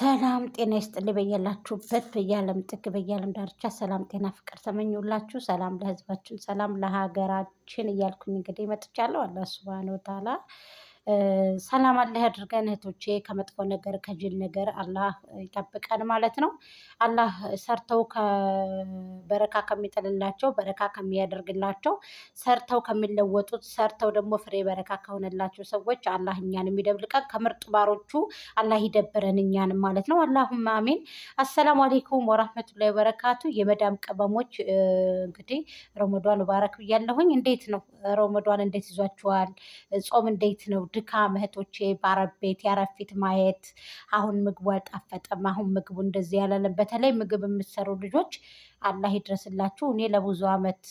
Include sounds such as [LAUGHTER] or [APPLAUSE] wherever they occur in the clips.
ሰላም ጤና ይስጥልኝ በያላችሁበት በያለም ጥግ በያለም ዳርቻ ሰላም ጤና ፍቅር ተመኙላችሁ። ሰላም ለህዝባችን፣ ሰላም ለሀገራችን እያልኩኝ እንግዲህ መጥቻለሁ። አላህ ሱብሃነሁ ወተዓላ ሰላም አላህ ያድርገን እህቶቼ። ከመጥፎ ነገር ከጅል ነገር አላህ ይጠብቀን ማለት ነው። አላህ ሰርተው በረካ ከሚጥልላቸው በረካ ከሚያደርግላቸው ሰርተው ከሚለወጡት ሰርተው ደግሞ ፍሬ በረካ ከሆነላቸው ሰዎች አላህ እኛን የሚደብልቀን ከምርጥ ባሮቹ አላህ ይደብረን እኛንም ማለት ነው። አላሁም አሚን። አሰላሙ አሌይኩም ወራህመቱላሂ ወበረካቱ። የመዳም ቅመሞች እንግዲህ ረመዷን ባረክ ብያለሁኝ። እንዴት ነው ረመዷን? እንዴት ይዟችኋል? ጾም እንዴት ነው? ድካም እህቶቼ በአረብ ቤት የአረብ ፊት ማየት አሁን ምግቡ አልጣፈጠም፣ አሁን ምግቡ እንደዚህ ያላለን። በተለይ ምግብ የምትሰሩ ልጆች አላህ ይድረስላችሁ። እኔ ለብዙ ዓመት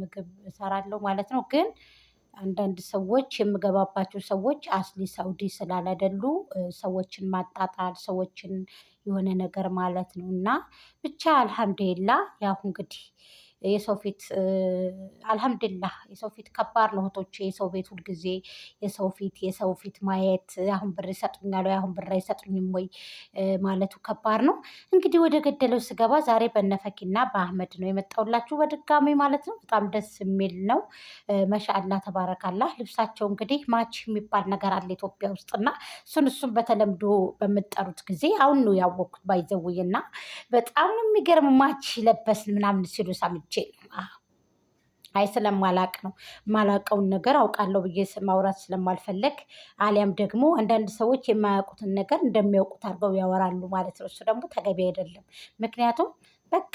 ምግብ እሰራለሁ ማለት ነው ግን አንዳንድ ሰዎች የምገባባቸው ሰዎች አስሊ ሳውዲ ስላላደሉ ሰዎችን ማጣጣል ሰዎችን የሆነ ነገር ማለት ነው እና ብቻ አልሐምዱሊላ ያሁ እንግዲህ የሰው ፊት አልሐምድላህ የሰው ፊት ከባድ ነው የሰው ቤት ሁልጊዜ የሰው ፊት የሰው ፊት ማየት አሁን ብር ይሰጡኛል ወይ አሁን ብር አይሰጡኝም ወይ ማለቱ ከባድ ነው። እንግዲህ ወደ ገደለው ስገባ ዛሬ በነፈኪና በአህመድ ነው የመጣውላችሁ በድጋሚ ማለት ነው። በጣም ደስ የሚል ነው። መሻአላ ተባረካላ። ልብሳቸው እንግዲህ ማች የሚባል ነገር አለ ኢትዮጵያ ውስጥና እሱን እሱን በተለምዶ በምጠሩት ጊዜ አሁን ነው ያወቅኩት ባይዘውይና በጣም የሚገርም ማች ለበስን ምናምን ሲሉ ሳምጅ የለም። አይ ስለማላቅ ነው የማላቀውን ነገር አውቃለሁ ብዬ ማውራት ስለማልፈለግ አሊያም ደግሞ አንዳንድ ሰዎች የማያውቁትን ነገር እንደሚያውቁት አድርገው ያወራሉ ማለት ነው። እሱ ደግሞ ተገቢ አይደለም። ምክንያቱም በቃ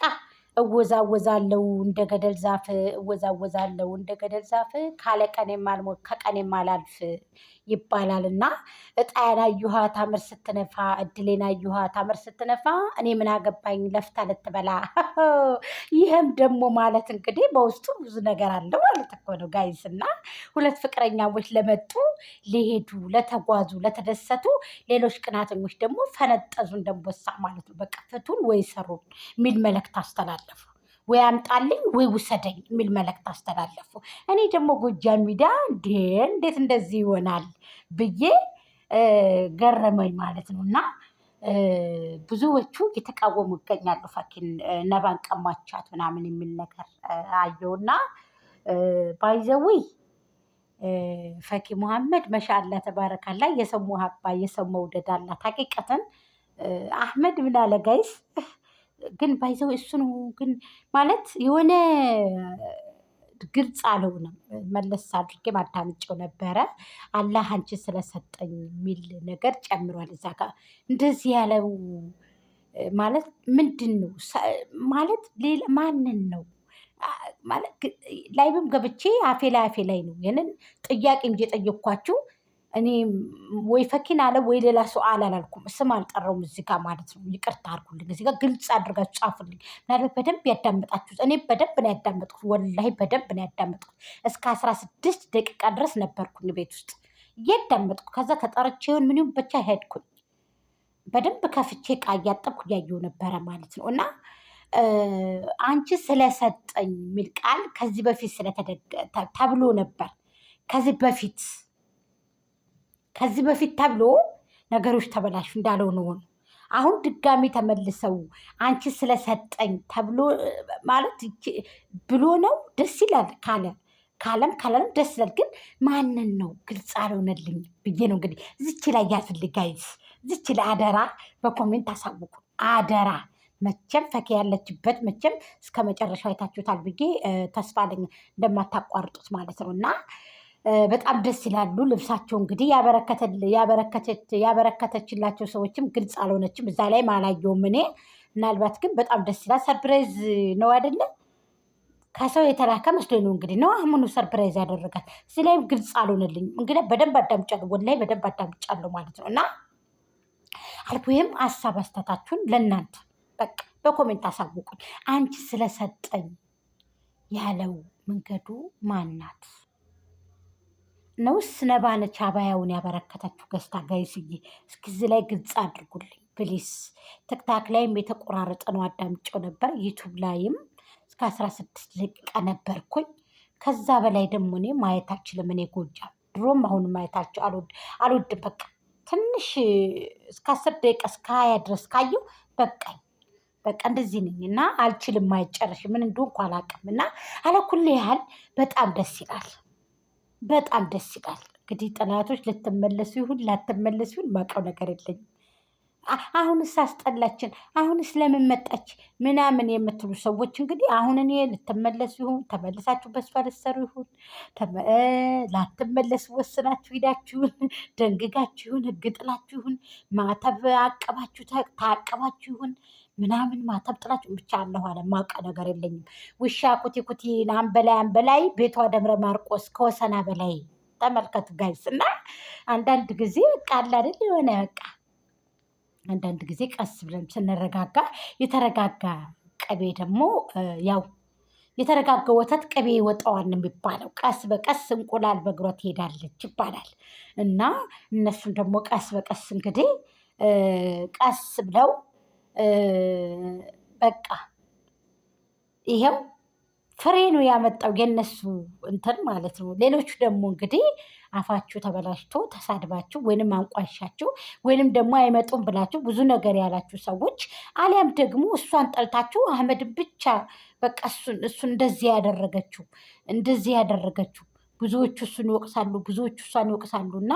እወዛወዛለው እንደ ገደል ዛፍ እወዛወዛለው እንደ ገደል ዛፍ ካለ ቀኔም አልሞት ከቀኔም አላልፍ ይባላል እና ዕጣዬን አየኋ ታምር ስትነፋ እድሌን አየኋ ታምር ስትነፋ እኔ ምን አገባኝ ለፍታ ልትበላ። [LAUGHS] ይህም ደግሞ ማለት እንግዲህ በውስጡ ብዙ ነገር አለ ማለት እኮ ነው ጋይስ። እና ሁለት ፍቅረኛዎች ለመጡ ሊሄዱ ለተጓዙ ለተደሰቱ፣ ሌሎች ቅናተኞች ደግሞ ፈነጠዙ እንደንቦሳ ማለት ነው። በቃ ፍቱን ወይ ሰሩን የሚል መልእክት አስተላል አስተላለፉ። ወይ አምጣልኝ ወይ ውሰደኝ የሚል መልእክት አስተላለፉ። እኔ ደግሞ ጎጃም ሚዲያ እንዴ እንዴት እንደዚህ ይሆናል ብዬ ገረመኝ ማለት ነው። እና ብዙዎቹ የተቃወሙ ይገኛሉ። ፈኪን ነባን ቀማቻት ምናምን የሚል ነገር አየው እና ባይዘዊ ፈኪ መሐመድ መሻላ ተባረካላ የሰሙ ሀባ የሰው መውደድ አላት። ሀቂቀትን አህመድ ምናለ ጋይስ ግን ባይዘው እሱ ነው ግን ማለት የሆነ ግልጽ አልሆነም። መለስ አድርጌ ማዳምጨው ነበረ። አላህ አንቺ ስለሰጠኝ የሚል ነገር ጨምሯል እዛ ጋር እንደዚህ ያለው ማለት ምንድን ነው ማለት ሌላ ማንን ነው ማለት ላይብም ገብቼ አፌ ላይ አፌ ላይ ነው ይንን ጥያቄ እንጂ የጠየኳችሁ እኔ ወይ ፈኪን አለ ወይ ሌላ ሰው አለ አላልኩም። ስም አልጠራውም እዚህ ጋር ማለት ነው። ይቅርታ አድርጉልኝ። እዚህ ጋር ግልጽ አድርጋችሁ ጻፉልኝ። ምናልባት በደንብ ያዳመጣችሁት እኔ በደንብ ነው ያዳመጥኩት። ወላሂ በደንብ ነው ያዳመጥኩት። እስከ አስራ ስድስት ደቂቃ ድረስ ነበርኩኝ ቤት ውስጥ እያዳመጥኩ። ከዛ ተጠርቼ ይሆን ምን ይሁን ብቻ ሄድኩኝ። በደንብ ከፍቼ ዕቃ እያጠብኩ እያየሁ ነበረ ማለት ነው እና አንቺ ስለሰጠኝ የሚል ቃል ከዚህ በፊት ስለተደ ተብሎ ነበር ከዚህ በፊት ከዚህ በፊት ተብሎ ነገሮች ተበላሹ እንዳለው ሆኑ። አሁን ድጋሚ ተመልሰው አንቺ ስለሰጠኝ ተብሎ ማለት ብሎ ነው። ደስ ይላል ካለ ካለም ካለም ደስ ይላል። ግን ማንን ነው ግልጽ አልሆነልኝ ብዬ ነው እንግዲህ ዝች ላይ ያዝልኝ ዝች ላይ አደራ በኮሜንት አሳውቁ አደራ። መቼም ፈኪ ያለችበት መቼም እስከ መጨረሻው አይታችሁታል ብዬ ተስፋ አለኝ እንደማታቋርጡት ማለት ነው እና በጣም ደስ ይላሉ። ልብሳቸው እንግዲህ ያበረከተችላቸው ሰዎችም ግልጽ አልሆነችም። እዛ ላይ አላየውም እኔ ምናልባት ግን በጣም ደስ ይላል። ሰርፕራይዝ ነው አይደለ? ከሰው የተላከ መስሎ ነው እንግዲህ ነው አሁኑ ሰርፕራይዝ ያደረጋል። እዚህ ላይም ግልጽ አልሆነልኝም። እንግዲህ በደንብ አዳምጫለሁ፣ ወላሂ በደንብ አዳምጫለሁ ማለት ነው። እና ይህም ሀሳብ አስተታችሁን ለእናንተ በቃ በኮሜንት አሳውቁኝ። አንቺ ስለሰጠኝ ያለው መንገዱ ማናት? ነውስ ነች አባያውን ያበረከተችው ገዝታ ጋይስዬ፣ እስኪዚ ላይ ግልጽ አድርጉልኝ ፕሊስ። ትክታክ ላይም የተቆራረጠ ነው አዳምጨው ነበር። ዩቱብ ላይም እስከ አስራ ስድስት ደቂቃ ነበርኩኝ። ከዛ በላይ ደግሞ እኔ ማየት አልችልም። እኔ ጎጃም ድሮም አሁን ማየታቸው አልወድም። በቃ ትንሽ እስከ አስር ደቂቃ እስከ ሀያ ድረስ ካየው በቃኝ። በቃ እንደዚህ ነኝ እና አልችልም። አይጨረሽ ምን እንደሆንኩ አላውቅም። እና አለኩል ያህል በጣም ደስ ይላል። በጣም ደስ ይላል። እንግዲህ ጠላቶች ልትመለሱ ይሁን ላትመለሱ ይሁን ማውቀው ነገር የለኝም። አሁንስ አስጠላችን፣ አሁንስ ለምን መጣች ምናምን የምትሉ ሰዎች እንግዲህ አሁን እኔ ልትመለሱ ይሁን ተመልሳችሁ በእሷ ልትሰሩ ይሁን ላትመለሱ ወስናችሁ ሂዳችሁን ደንግጋችሁን ህግ ጥላችሁን ማተብ አቀባችሁ ታቀባችሁን ምናምን ማተብ ብቻ አለሁ አለ። ማውቃ ነገር የለኝም። ውሻ ኩቲ ኩቲ አንበላይ በላይ ቤቷ ደብረ ማርቆስ ከወሰና በላይ ተመልከቱ ጋይስ። እና አንዳንድ ጊዜ ቃል አይደል የሆነ በቃ አንዳንድ ጊዜ ቀስ ብለን ስንረጋጋ የተረጋጋ ቅቤ ደግሞ ያው የተረጋጋ ወተት ቅቤ ይወጣዋል የሚባለው። ቀስ በቀስ እንቁላል በእግሯ ትሄዳለች ይባላል። እና እነሱም ደግሞ ቀስ በቀስ እንግዲህ ቀስ ብለው በቃ ይሄው ፍሬ ነው ያመጣው የነሱ እንትን ማለት ነው። ሌሎቹ ደግሞ እንግዲህ አፋችሁ ተበላሽቶ ተሳድባችሁ ወይንም አንቋሻችሁ ወይንም ደግሞ አይመጡም ብላችሁ ብዙ ነገር ያላችሁ ሰዎች አሊያም ደግሞ እሷን ጠልታችሁ አህመድን ብቻ በቃ እሱን እንደዚህ ያደረገችው እንደዚህ ያደረገችው ብዙዎቹ እሱን ይወቅሳሉ፣ ብዙዎቹ እሷን ይወቅሳሉ። እና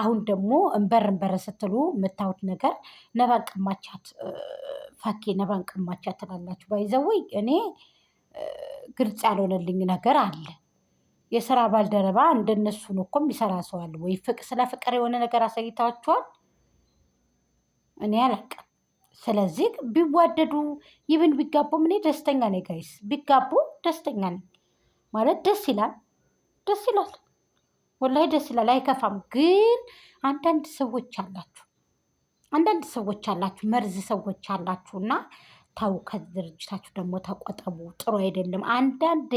አሁን ደግሞ እንበር እንበር ስትሉ የምታዩት ነገር ነባን ቅማቻት ፋኬ ነባን ቅማቻት ትላላችሁ። ባይዘወይ እኔ ግልጽ ያልሆነልኝ ነገር አለ። የስራ ባልደረባ እንደነሱን እኮ የሚሰራ ሰዋል አለ ወይ? ስለ ፍቅር የሆነ ነገር አሳይታችኋል? እኔ አላውቅም። ስለዚህ ቢዋደዱ ይብን ቢጋቡ እኔ ደስተኛ ነኝ። ጋይስ ቢጋቡ ደስተኛ ነኝ ማለት ደስ ይላል። ደስ ይላል፣ ወላሂ ደስ ይላል፣ አይከፋም። ግን አንዳንድ ሰዎች አላችሁ አንዳንድ ሰዎች አላችሁ መርዝ ሰዎች አላችሁ እና ታው ከድርጅታችሁ ደግሞ ተቆጠቡ። ጥሩ አይደለም። አንዳንዴ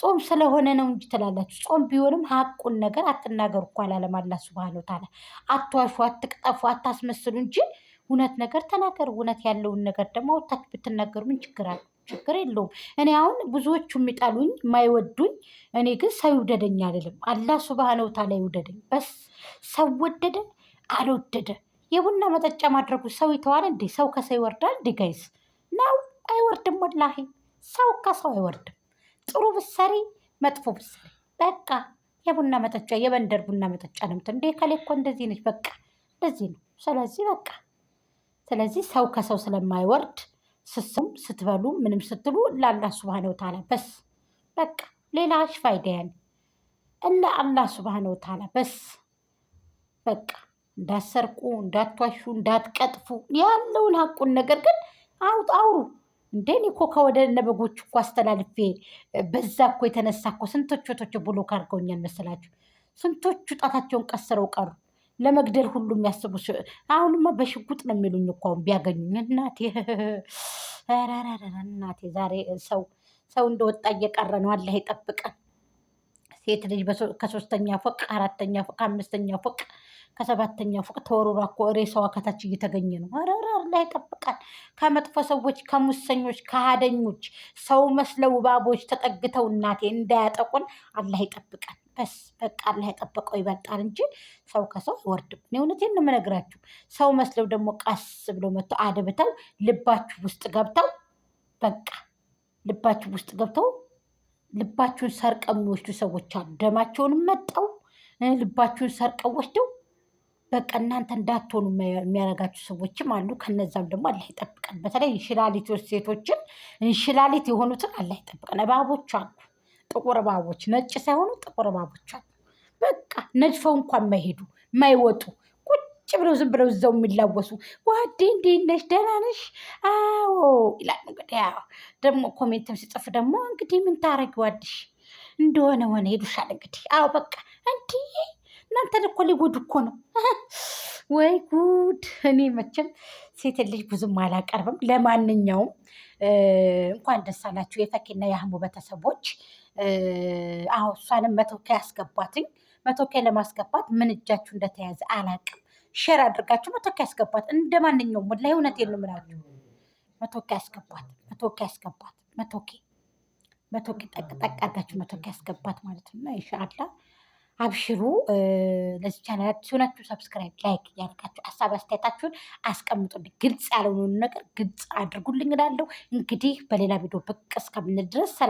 ጾም ስለሆነ ነው እንጂ ትላላችሁ። ጾም ቢሆንም ሀቁን ነገር አትናገሩ እኮ አላለም አላ ስብሃነ ወተዓላ። አትዋሹ፣ አትቅጠፉ፣ አታስመስሉ እንጂ እውነት ነገር ተናገሩ። እውነት ያለውን ነገር ደግሞ ወታችሁ ብትናገሩ ምን ችግር አለ? ችግር የለውም። እኔ አሁን ብዙዎቹ የሚጠሉኝ የማይወዱኝ፣ እኔ ግን ሰው ይውደደኝ አልልም። አላህ ሱብሃነ ወተዓላ ይውደደኝ። በስ ሰው ወደደ አልወደደ የቡና መጠጫ ማድረጉ ሰው ይተዋል እንዴ? ሰው ከሰው ይወርዳል እንዴ? ጋይስ ነው አይወርድም። ወላሂ ሰው ከሰው አይወርድም። ጥሩ ብሰሪ መጥፎ ብሰሪ በቃ የቡና መጠጫ የበንደር ቡና መጠጫ ነው ምት እንዴ ከሌ እኮ እንደዚህ ነች። በቃ እንደዚህ ነው። ስለዚህ በቃ ስለዚህ ሰው ከሰው ስለማይወርድ ስትሰሙ ስትበሉ ምንም ስትሉ ለአላህ ስብሃነ ወተዓላ በስ በቃ ሌላ ሽፋይዳ ያለ እለ አላህ ስብሃነ ወተዓላ በስ በቃ እንዳሰርቁ፣ እንዳትዋሹ፣ እንዳትቀጥፉ ያለውን ሀቁን ነገር ግን አውጥ አውሩ። እንዴ እኔ እኮ ከወደነ በጎች እኮ አስተላልፌ በዛ እኮ የተነሳ እኮ ስንቶቹ ቶች ብሎ ካርገውኛል መሰላችሁ? ስንቶቹ ጣታቸውን ቀስረው ቀሩ። ለመግደል ሁሉ የሚያስቡ አሁንማ በሽጉጥ ነው የሚሉኝ እኮ አሁን ቢያገኙኝ። እናቴ [LAUGHS] እናቴ ዛሬ ሰው ሰው እንደወጣ እየቀረ ነው። አላህ ይጠብቀን። ሴት ልጅ ከሶስተኛ ፎቅ አራተኛ ፎቅ ከአምስተኛ ፎቅ ከሰባተኛ ፎቅ ተወሩራ እኮ ሬሳዋ ከታች እየተገኘ ነው። ረራር ላይ ይጠብቃል። ከመጥፎ ሰዎች፣ ከሙሰኞች፣ ከሀደኞች ሰው መስለው እባቦች ተጠግተው እናቴ እንዳያጠቁን አላህ ይጠብቃል። በስ በቃ አላህ የጠበቀው ይበልጣል እንጂ ሰው ከሰው አይወርድም። እኔ እውነቴን ነው የምነግራችሁ። ሰው መስለው ደግሞ ቀስ ብሎ መጥቶ አድብተው ልባችሁ ውስጥ ገብተው በቃ ልባችሁ ውስጥ ገብተው ልባችሁን ሰርቀው የሚወስዱ ሰዎች አሉ። ደማቸውንም መጠው ልባችሁን ሰርቀው ወስደው በቃ እናንተ እንዳትሆኑ የሚያረጋችሁ ሰዎችም አሉ። ከነዛም ደግሞ አላህ ይጠብቀን። በተለይ እንሽላሊት ሴቶችን እንሽላሊት የሆኑትን አላህ ይጠብቀን። እባቦች አሉ ጥቁር እባቦች፣ ነጭ ሳይሆኑ ጥቁር እባቦች አሉ። በቃ ነድፈው እንኳን ማይሄዱ ማይወጡ ቁጭ ብለው ዝም ብለው እዛው የሚላወሱ ዋዴ እንዴት ነሽ ደህና ነሽ? አዎ ይላል። እንግዲህ ደግሞ ኮሜንትም ሲጽፍ ደግሞ እንግዲህ ምን ታረግ ዋድሽ እንደሆነ ሆነ ሄዱሻል። እንግዲህ አዎ በቃ እንዲ እናንተ እኮ ሊጎዱ እኮ ነው። [LAUGHS] ወይ ጉድ! እኔ መቼም ሴት ልጅ ብዙም አላቀርብም። ለማንኛውም እንኳን ደስ አላችሁ የፈኪና የአህሙ ቤተሰቦች። አሁ እሷንም መቶኪያ ያስገባትኝ። መቶኪያ ለማስገባት ምን እጃችሁ እንደተያዘ አላቅም። ሼር አድርጋችሁ መቶኪያ ያስገባት እንደ ማንኛውም ወደ ላይ እውነት የሉ እላችሁ። መቶኪያ ያስገባት፣ መቶኪያ ያስገባት፣ መቶኪ መቶኪ ጠቅጠቅ አድርጋችሁ መቶኪያ ያስገባት ማለት ነው። ኢንሻላህ አብሽሩ። ለዚህ ቻናል ሲሆናችሁ ሰብስክራይብ፣ ላይክ እያደርጋችሁ ሀሳብ አስተያየታችሁን አስቀምጡልኝ። ግልጽ ያልሆኑ ነገር ግልጽ አድርጉልኝ እላለሁ። እንግዲህ በሌላ ቪዲዮ ብቅ ድረስ ሰላም